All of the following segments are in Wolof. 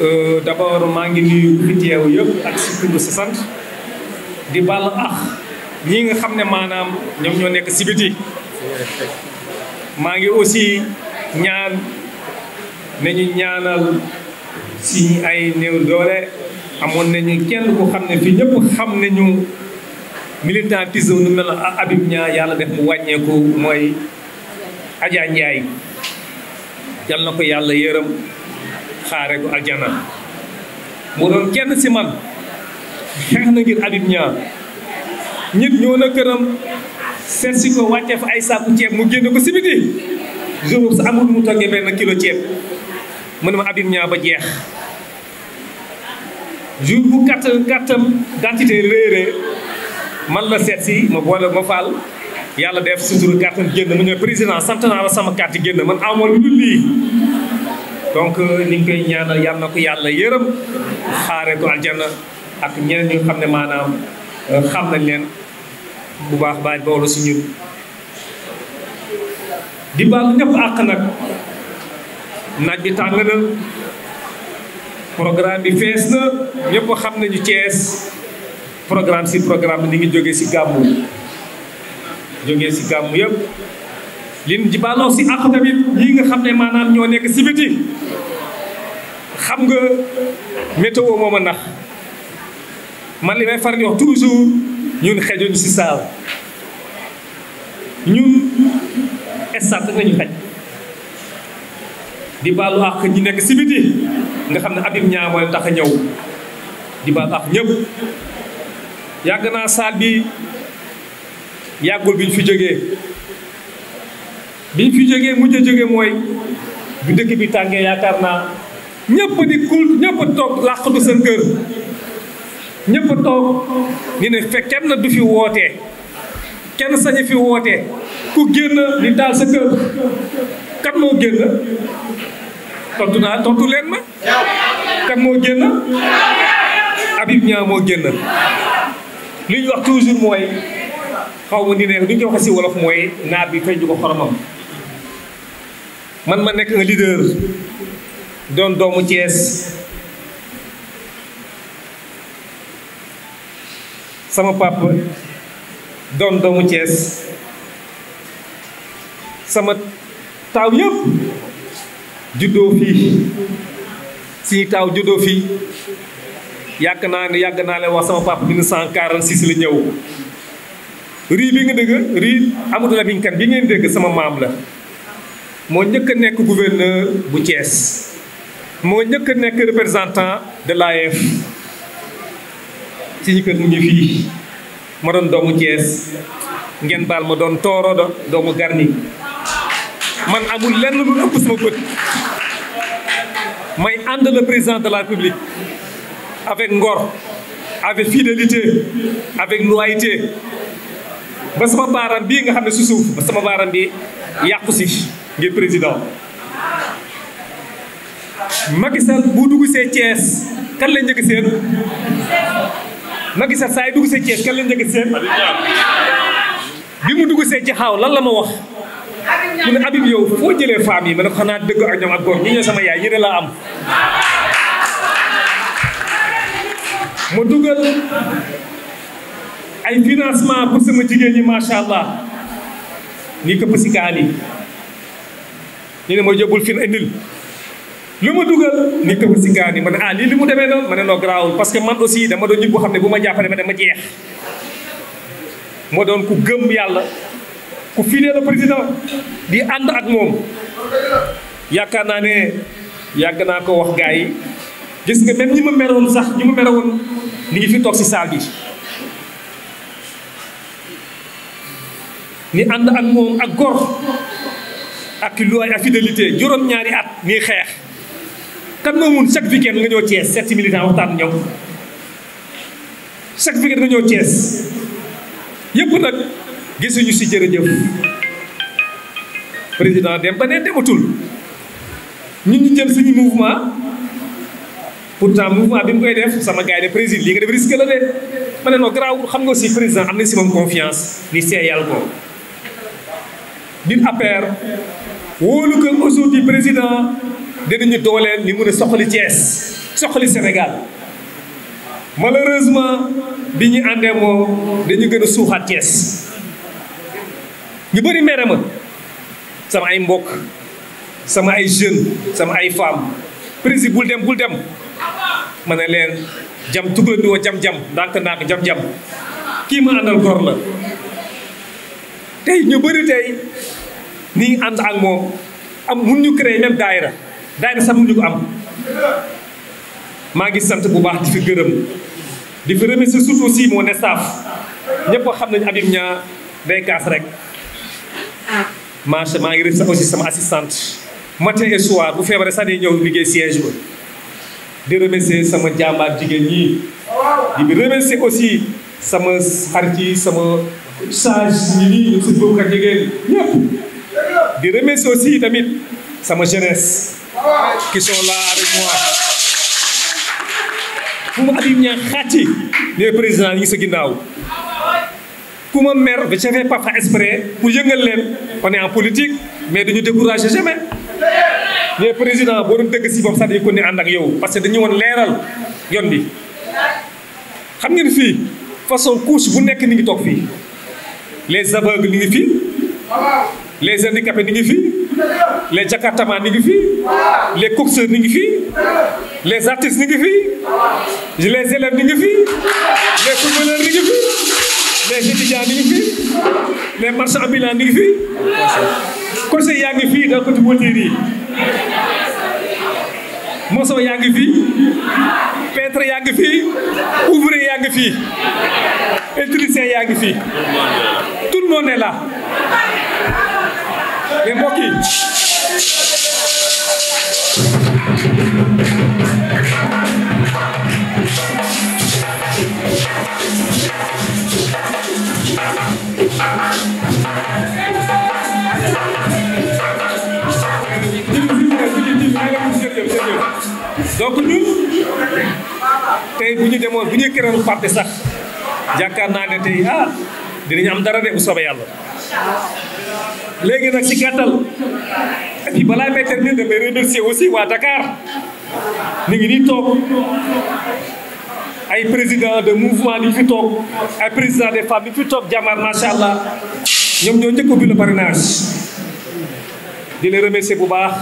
Euh, d' abord maa ngi nuyu fi yëpp ak si tur sa sant di ball ax ñii nga xam ne maanaam ñoom ñoo nekk si biti maa ngi aussi ñaan nañu ñaanal si ay néew doole amoon nañu kenn ku xam ne fii ñëpp xam nañu militantisme nu mel ne Habib yàlla def mu wàññeeku mooy Adja Ndiaye yal na ko yàlla yërëm xaare ko aljana mu doon kenn si man xeex na ngir Habib Niang ñit ñoo na këram seet si ko wàccee fa ay saaku ceeb mu génn ko si biti jour mu toggee benn kilo ceeb mu ne ma Habib ba jeex jour bu kàtt kàttam dentité réerée man la seet si ma boole ma faal yàlla def sutur kàttam génn mu ne président sant sama kàtt génn man amoon lu lii donc euh, ni ñu koy ñaanal yàlla na ko yàlla yërëm xaare ko aljana ak ñeneen ñu xam ne maanaam euh, xam nañ leen bu baax baay boolu si ñun di baal ñëpp àq nag naaj bi tàng na programme bi fees na ñëpp xam nañu Cees programme si programme bi ni ngi jógee si gàmmu jóge ci gàmmu yëpp li ji baaloo si àq tamit ñii nga xam ne maanaam ñoo nekk si biti xam nga météo moom a nax man li may faral di wax toujours ñun xejuñ si saaw ñun estat nañu xaj di baalu àq ñi nekk si biti nga xam ne abim ñaamooy tax a ñëw di baalu àq ñëpp yàgg naa saal bi yàggul bi ñu fi jógee biñ fi jógee mujj a jóge mooy bu dëkk bi tàngee yaakaar naa ñëpp di kul ñëpp a toog làqatu seen kër ñëpp a ni ne fekk kenn du fi wootee kenn sañu fi wootee ku génn di taal sa kër kan moo génn tontu naa tontu leen ma kan moo génn Habib Niang moo génn li ñu wax toujours mooy xaw ma ni ne li ñu wax si wolof mooy naar bi fay ñu ko xoromam man ma nekk un leader doon doomu Thiès sama papa doon doomu Thiès sama taaw yëpp juddoo fii suñu taaw juddoo fii yàgg naa ne yàgg naa leen wax sama papa 1946 la ñëw rii bi nga dëgg rii Amadou Lamine Kane bi ngeen dégg sama maam la moo njëkk a nekk gouverneur bu Thiès moo njëkk a nekk représentant de l'AF ci ñu kër mu ngi fii ma doon doomu Thiès ngeen baal ma doon tooroodo doomu Garni man amul lenn lu ëpp sama bët may ànd le président de la République avec ngor avec fidélité avec loyauté ba sama baaraam bii nga xam ne si suuf ba sama baaraam bi yàqu ngir président Macky Sall bu dugg see Thiès kan la njëkk seen Macky Sall saa yi dugg see Thiès kan la njëkk seen bi mu duggu see ci xaw lan la ma wax mu ne Habib yow foo jëlee femmes yi ma ne xanaa dëgg ak ñoom ak góor ñi ñoo sama yaay yéen laa am ma dugal ay financement pour sama jigéen yi macha allah ni këpp si gaal ñu ne moo yóbbul fi indil lu ma dugal nit ko si gaani ma ne ah lii li mu demee noonu ma ne noo parce que man aussi dama doon nit boo xam ne bu ma jàppale moo doon ku yàlla ku fidèle le président ànd ak moom naa ne yàgg naa ko wax yi gis nga ma meroon sax ñi ma meroon ni ngi fi si saal bi ak moom ak loi ak fidélité juróom-ñaari at nii xeex kan moo mun chaque weekend nga ñëw Thiès sept militants waxtaan ñoom chaque weekend nga ñëw Thiès yëpp nag suñu si jërëjëf président dem ba ne dematul ñun ñu jël suñu mouvement pourtant mouvement bi mu koy def sama gars yi ne président lii nga def risque la de ma ne non garaawul xam nga si président am na si moom confiance ni seeyal ko ñun APR wóolu que aujourd'hui président dinañu dooleel li mun a soxali Thiès soxali Sénégal malheureusement bi ñu àndee moom dañu gën a suuxaat Thiès ñu bëri mere ma sama ay mbokk sama ay jeunes sama ay femmes président bul dem bul dem ma ne leen jam tuggandi woo jam-jam ndànk ndànk jam-jam kii ma àndal gor la tey ñu bëri tey ni ñu ànd ak moom am mun ñu créer même daayira daayira sax mun ñu ko am maa ngi sant bu baax di fi gërëm di fi remercier moo ne mon staff ñëpp xam nañu Habib Niang day kaas rek marché maa ngi ref sax aussi sama assistante matin et bu feebaree sax day ñëw liggéey siège ba di remercier sama jàmbaar jigéen ñi di remercier aussi sama xarit yi sama sage ñi nii ñu si boobu jigéen ñëpp di remercier aussi tamit sama jeunesse qui sont là avec moi fu ma Habib Niang xàcci les présidents yi ngi sa ginnaaw ku ma mer je ne fais pas exprès pour yëngal leen on est en politique mais dañu découragé jamais les présidents boo doon dëgg si moom sax dañu ko ne ànd ak yow parce que dañu woon leeral yoon bi xam ngeen fii façon couche bu nekk ni ngi toog fii les aveugles ni ngi fii les handicapés ni ngi fi les jakartaman ni ngi fi les coxeurs ni ngi fi les artistes ni ngi fi les élèves ni ngi fi les footballeurs ni ngi fi les étudiants ni ngi fi les marchands ambulants ni ngi fi conseil yaa ngi fii donc watiir yi moso yaa ngi fii peintre yaa ngi fii ouvrier yaa ngi fii électricien ya ngi fii tout le monde est mais mbokk yi donc ñun tey bu ñu demoon bu ñuy créer parti sax jàkkaar naa ne tey ah dinañu am dara de bu soobee yàlla léegi nag si gàttal et puis balaa may terminer damay remercier aussi waa dakaar ñu ngi nii toog ay président de mouvement ñu fi toog ay président des femmes ñu fi toog jàmbaar macha allah ñoom ñoo njëkk ubbi le parrainage di leen bu baax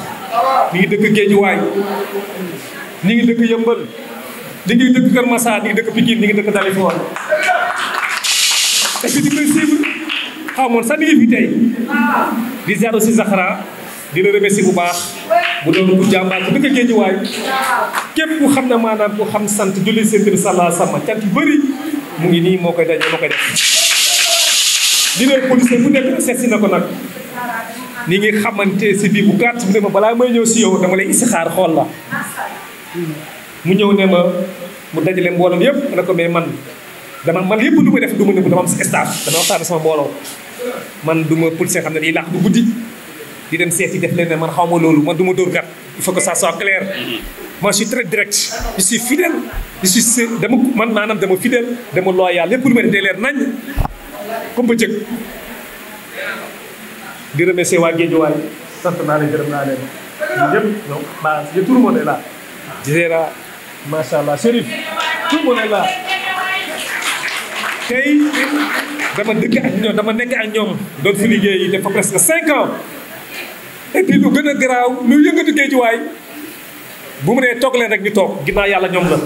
ñu ngi dëkk Géejuwaay ñu ngi dëkk Yëmbal ñu ngi dëkk Kër Massar ñu ngi dëkk Pikine ñu ngi dëkk Dalifort xamoon sax mi ngi tey di ziar si Zahra di la remercier bu baax bu doon ku jàmbaar ku dëkk Géejuwaay képp ku xam ne maanaam ku xam sant julli seen bi sàllaa sama cant yu bëri mu ngi nii moo koy daj moo koy def li ne policier bu nekk seet na ko nag ni ngi xamante si bii bu gàtt mu ne ma balaa may ñëw si yow dama lay xool la mu ñëw ne ma mu dajale mbooloom yëpp ne ko mais man dama man yëpp du ma def du ma ne dama am staff dama waxtaan sama mbooloo man du ma politicien xam ne day laax du guddi di dem seeti def leen man xaw ma loolu man du ma dóor kat il faut que ça soit clair mhm. moi je suis très direct je suis fidèle dama man maanaam dama fidèle dama loyal lépp lu ma def day leer nañ ma je tout le monde est là Géra macha allah Chérif tout le tey dama dëkk ak dama nekk ak ñoom doon fi liggéey def fa presque cinq ans et lu gën a garaaw lu yëngatu géejuwaay bu mu nee toog leen rek ñu toog ginnaaw yàlla ñoom la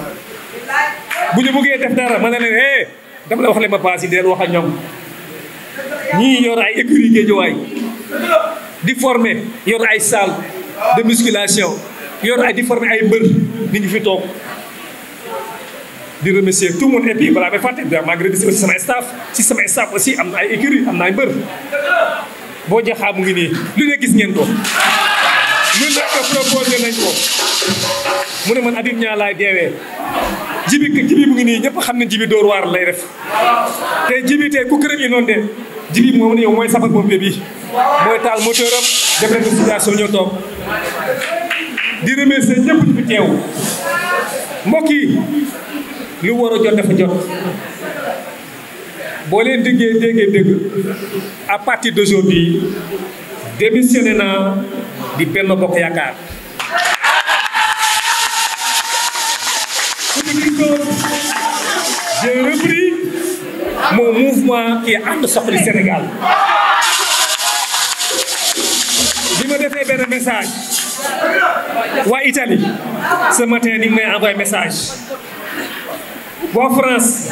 bu ñu buggee def dara ma ne leen eh dama la wax leen ma baas yi deel wax ak ñoom ñii yor ay écurie géejuwaay di former yoon ay salle de musculation yoon ay di former ay mbër nit ñu fi toog di remercier tout le monde et puis balaa may fàtte maa ngi remercier aussi sama staff si sama staff aussi am na ay écurie am na ay mbër boo jaxaa mu ngi nii lu ne gis ngeen ko lu mu ne man Habib Niang laay deewee jibi jibi mu ngi nii ñëpp xam ne jibi dóor waar lay def te jibi te ku këram inondé jibi moom ne mooy sapeur pompier bi mooy taal moteur am def leen situation ñoo toog di remercier ñëpp ñu fi teew mbokk lu war a jot dafa jot boo leen déggee déggee dégg à partir d'aujourd'hui démissionné naa di Benno Bokk Yaakaar j'ai repris mon mouvement qui est ànd Suxali Sénégal bi ma defee benn message waa Italie ce matin ni ngi may envoyé message bon France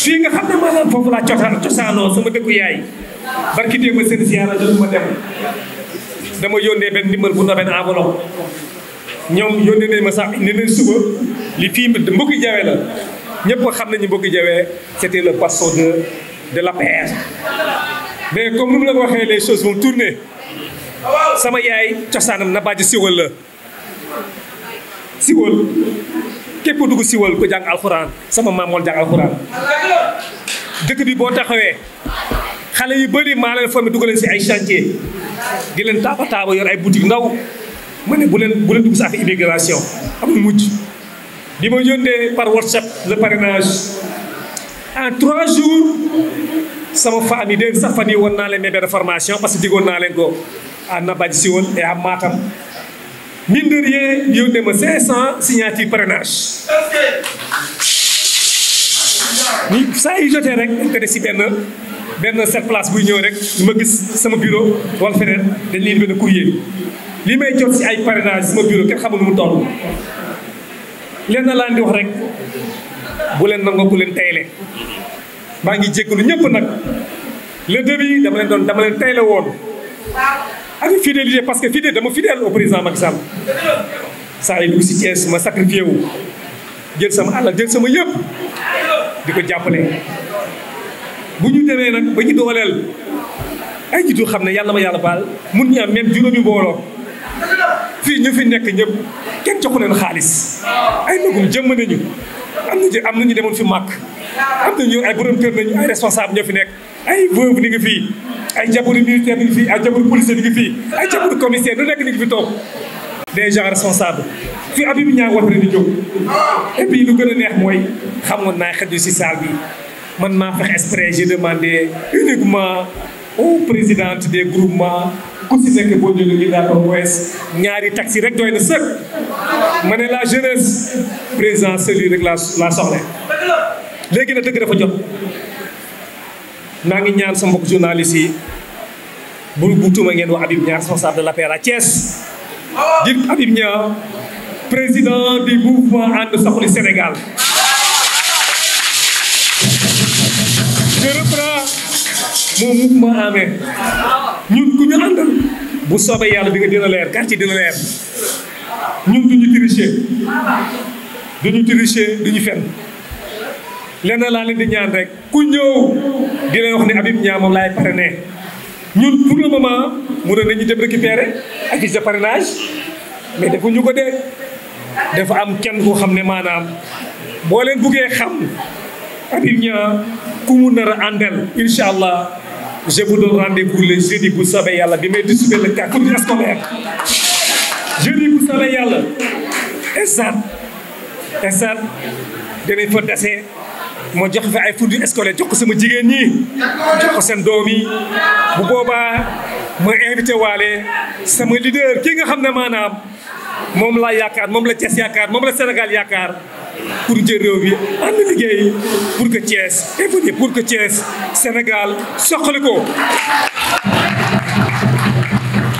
fii nga xam ne maanaam foofu laa cosaan cosaanoo sama dëkku yaay barki démb seen ziara jotuma dama yónnee benn ndimbal bu ndaw benn enveloppe ñoom yónnee nañ ma sax ne nañ suba li fii mbokki jawe la ñëpp xam nañu mbokki jawe c'était le passeport de de l'APR mais comme nu mu la ko waxee les choses vont tourner sama yaay cosaanam na bàjj siwal la siwal képp dugg siwal ko jàng alxuraan sama maam moo jàng alxuraan dëkk bi boo taxawee xale yu bëri maa leen formé dugal leen si ay chantier di leen taaba taaba yor ay boutique ndaw ma ne bu leen bu leen dugg si affaire immigration amul mujj bi ma yónnee par whatsapp le parrainage en trois jours sama famille dégg sax fan yi woon naa leen mais benn formation parce que diggoon naa leen ko à Nabaji Siwal et à Matam mine de rien yónnee ma 500 signature parrainage. saa yu jotee rek dañ ko def si benn benn set place buy ñëw rek ma gis sama bureau wala feneen dañ leen benn courrier li may jot si ay parrainage sama bureau kenn xamul nu mu toll. leen na laan di wax rek bu leen nangoo ku leen tayle maa ngi jéggalu ñëpp nag le début dama leen doon dama leen tayle woon. avec fidélité parce que fidèle dama fidèle au président Macky Sall saa yu dugg si Thiès ma sacrifié wu jël sama àll jël sama yëpp di ko jàppale. bu ñu demee nag ba ñu dooleel ay jiitu xam ne yàlla ma yàlla baal mun ñu am même juróomi mbooloo fii ñu fi nekk ñëpp kenn joxu leen xaalis ay magum jëmm nañu am am na ñu demoon fi màkk. am nañu ay borom kër lañu ay responsable ñoo fi nekk ay veuve ni ngi fii ay jabaru militaire ni ngi fii ay jabaru policier ni ngi fii ay jabaru commissaire lu nekk ni ngi fi toog des gens responsables fii Habib Niang war na di jóg lu gën a neex mooy xamoon naa xëju si salle bi man maa fex exprès j'ai demandé des groupements ku si nekk boo jëlee ñu daal au moins ñaari taxi rek doy na sëkk ma ne la jeunesse président celui rek la la léegi na dëgg dafa jot maa ngi ñaan sa mbokk journaliste yi bul buutuma ngeen wax Habib Niang responsable de l'APR à Thiès di Habib Niang président du mouvement And Saxuli Sénégal je reprends mon mouvement en main ñun ku ñu àndal bu soobee yàlla di nga dina leer quartier dina leer ñun duñu tricher duñu tricher duñu fen lenn laa leen di ñaan rek ku ñëw di leen wax ne Habib Niang moom laay parrainé ñun pour le moment mu ne nañu dem récupérer ak sa parrainage mais ñu ko dee dafa am kenn koo xam ne maanaam boo leen buggee xam Habib Niang ku mu nar a àndal incha allah je vous donne rendez-vous jeudi bu sabe yàlla bi may distribuer le courrier scolaire jeudi bu sabe yàlla esat esat danañ fa dase moo jox fa ay fourniture scolaire jox ko sama jigéen ñi jox ko seen doom yi bu boobaa ma invité waale sama leader ki nga xam ne maanaam moom laa yaakaar moom la Thiès yaakaar moom la Sénégal yaakaar pour jël réew bi am na liggéey pour que Thiès évoluer pour que Thiès Sénégal soxla ko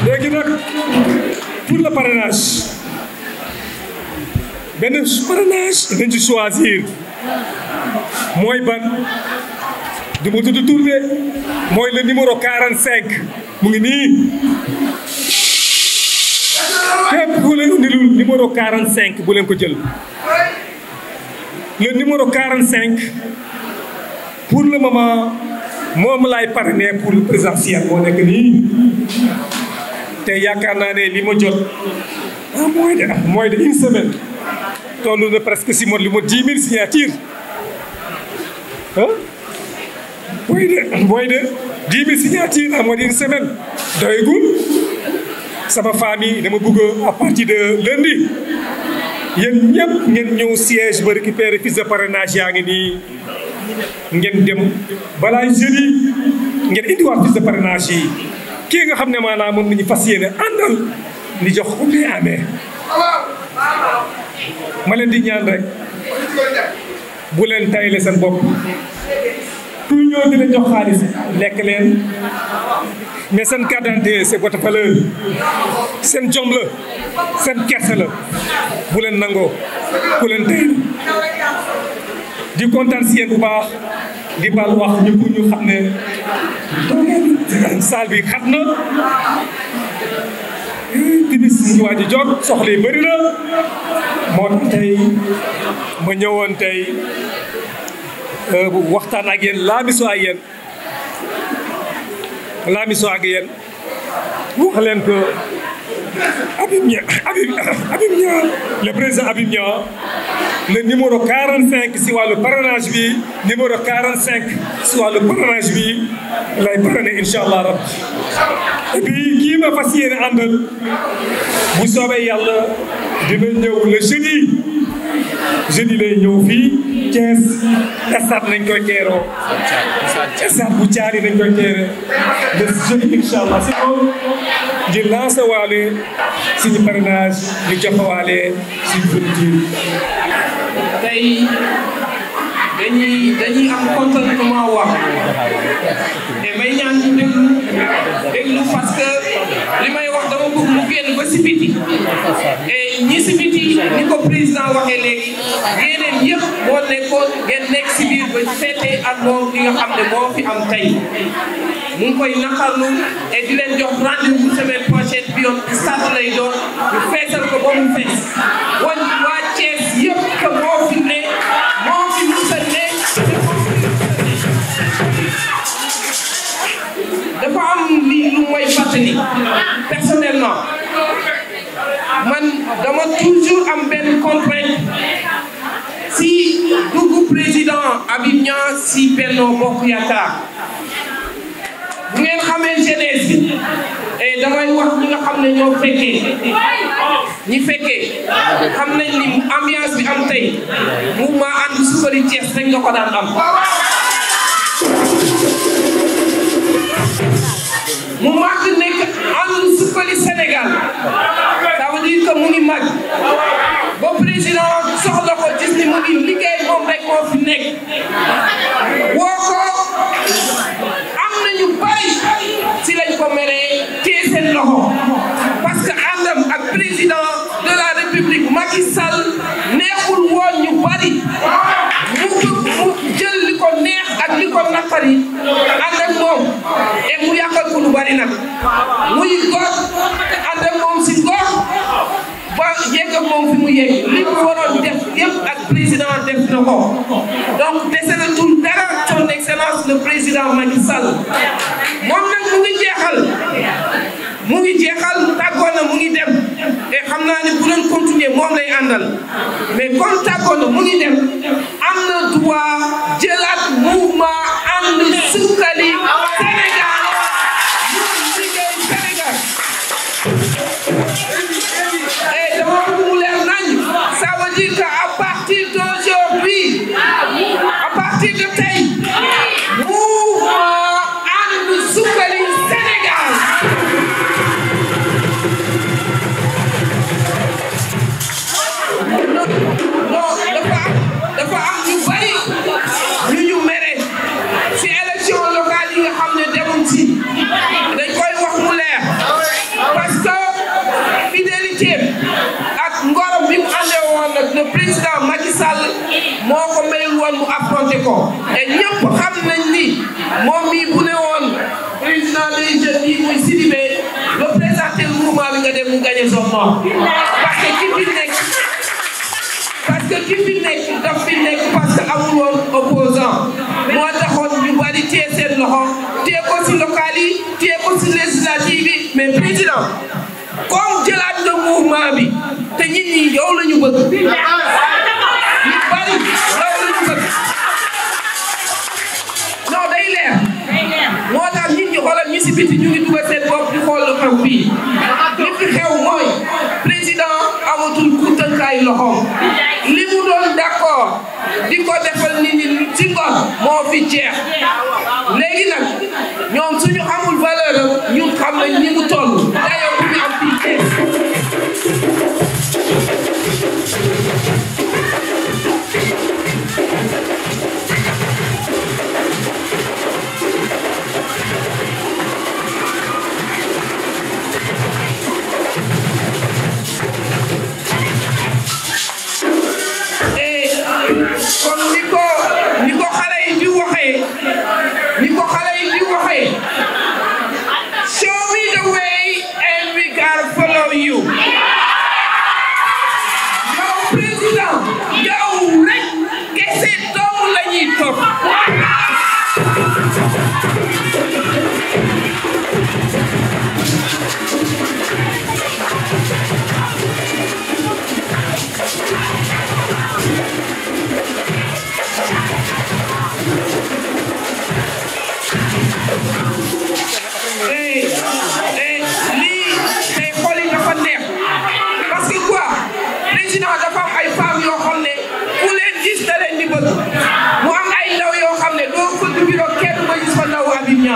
léegi benn parrainage dañ ci choisir mooy ban du ma tudd tur de mooy le numéro 45 mu ngi nii képp ku leen indilul numéro 45 bu leen ko jël le numéro 45 pour le moment moom laay parrainé pour le présidentiel moo nekk nii te yaakaar naa ne li ma jot mooy de une semaine toll na presque si mot li ma 10 000 signatures booy de booy de dix mille signature am nga une semaine doyagul sama famille dama bëgg a partir de lundi yéen ñëpp ngeen ñëw siège ba récupérer fiche de parrainage yaa ngi nii ngeen dem balaa jeudi ngeen indiwaat fiche de parrainage yi kii nga xam ne maanaam moom nañu fas yéene àndal ni jox ko amee ma di ñaan bu leen tayale seen bopp kuy ñëw dina jox xaalis lekk leen mais seen carte d'identité c'est votre valeur seen jom la seen kersa la bu leen nangoo ku leen tayal di kontaan si yéen bu baax di baal wax ñu pour ñu xam ne salle bi xat na timis ñu waa ji jog soxla yi bëri moo tax tey ma ñëwoon tey euh, waxtaan ak yéen laamisoo ak yéen laamisoo ak yéen wax leen que Habib Niang Habib Niang le président Habib Niang le numéro 45 si wàllu parrainage bi numéro cinq si wàllu parrainage bi la parrainé incha allah rab et puis ma fas yéene bu soobee dina ñëw le jeudi jeudi lay ñëw fii Thiès stade nañ koy bu Thiali nañ koy teere le jeudi allah si moom di lancer waale suñu parrainage di joxe waale suñu politique. tey dañuy dañuy am contentement wax te dama bëgg mu génn ba si ñi si biti ni ko président waxee léegi yeneen yëpp moo nekkoon ngeen nekk si biir ba feete ak loolu li nga xam ne moo fi am tey mu ngi koy naqarlu et di leen jox rendez-vous semaine prochaine bi yoon bi lay doon ñu feesal ko ba mu fees wan waa Thiès yëpp que moo fi ne moo fi mus a ne dafa am lii lu mooy fàttali personnellement man dama toujours am benn contrainte si dugg président Habib Niang si Benno Bokk Yaakaar bu ngeen xamee jeunesse bi et eh, damay wax nga xam ne ñoo fekkee ñi fekkee ni ambiance bi am tey mouvement And Suxali Thiès ko daan am mu màgg nekk Sénégal ça veut mu ngi màgg ba président soxla ko gis ni mu ngi liggéey moom rek nekk woo ko am nañu bari si lañ ko meree téye seen loxo parce ak président de la république Macky Sall neexul ñu bari naqar yi ànd ak moom et mu yàqal ko lu bari nag muy góor ànd ak moom si góor ba mu yegg li mu waroon def yëpp ak président def na ko donc dese na dara son excellence le président Macky Sall moom nag mu ngi jeexal mu ngi jeexal tàggoon na mu ngi dem et xam naa ne bu doon continuer moom lay àndal mais comme tàggoon na mu ngi dem am na droit jëlaat mouvement suukali nañ ko te ñëpp xam nañ ni moom mii bu ne woon président des jeunes yi muy Sidibé représenté le mouvement bi nga dem mu gagné son nom parce ki fi nekk parce ki fi nekk daf fi nekk parce amul woon opposant moo taxoon ñu bari seen loxo téye ko si local yi téye ko si législative bi mais président comme jëlaat nga mouvement bi te nit ñi yow la ñu bëgg ñu bari yow la ñu bëgg si biti ñu ngi dugal seen bopp di xool lu xew fii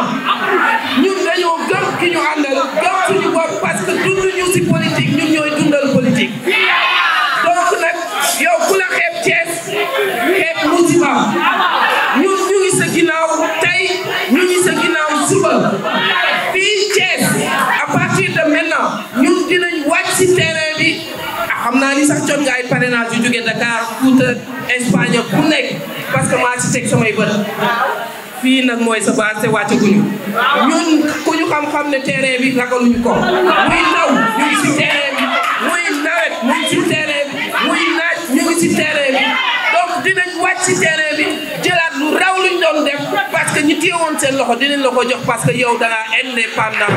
président ñun dañoo gëm ki ñu àndal gëm suñu bopp parce dund ñu si politique ñun ñooy dundal politique. donc nag yow ku la xeeb Thiès xeeb musiba ñun ñu ngi sa ginnaaw tey ñu ngi sa ginnaaw suba fii Thiès à partir de maintenant ñun dinañ wàcc si terrain bi ah, xam naa ni sax jot nga ay parrainage yu jóge Dakar Fouta Espagne ku nekk parce que maa ci teg samay bët. fii nag mooy sa base te wàccaguñu ñun ku ñu xam-xam ne terrain bi ragaluñu ko muy taw ñu si terrain bi muy nawet ñu si terrain bi muy naaj ñu si terrain bi donc dinañ wàcc si terrain bi jëlaat lu raw luñ doon def parce ñi téye woon seen loxo dinañ la ko jox parce que yow da ngaa indépendant.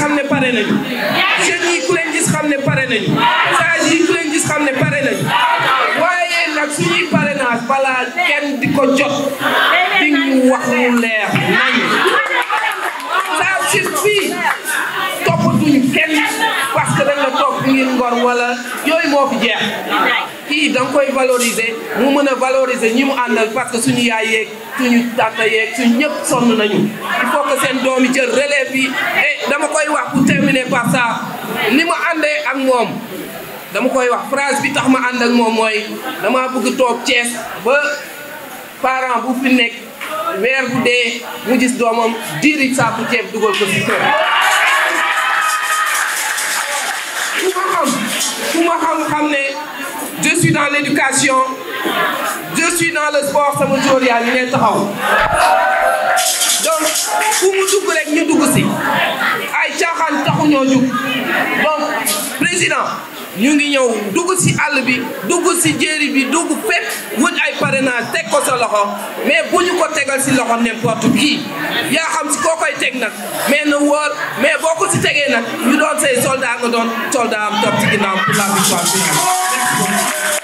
xam ne pare nañu jeunes yi ku leen gis xam ne pare nañu sage yi ku leen gis xam ne pare nañu waaye nag suñuy parrainage balaa kenn di ko jot di ñu wax mu leer kenn parce que dañ la topp ngir ngor wala yooyu moo fi jeex kii danga koy valoriser mu mën a valoriser ñi mu àndal parce que suñu yaay yeeg suñu tànta yeeg suñu ñëpp sonn nañu il seen doomi jël relève bi eh, dama wax pour terminer par ni ma àndee ak moom dama koy wax phrase bi tax ma ànd ak moom mooy dama bëgg toog Thiès ba parent bu fi nekk weer bu dee mu gis doomam diiri saaku ceeb dugal ko si kër ku ma xam ku ma xam ne je suis dans l'éducation je suis dans le sport sama jóor yaa ngi ne taxaw fu mu dugg rek ñu dugg si ay caaxaan taxuñoo jug donc président ñu ngi ñëw dugg si àll bi dugg si jéeri bi dugg fépp wut ay parrainage teg ko sa loxo mais bu ñu ko tegal si loxo n'importe qui yaa xam si koo koy teg nag mais na wóor mais boo ko si tegee nag ñu doon say soldat nga doon soldat am topp ci ginnaaw pour la victoire finale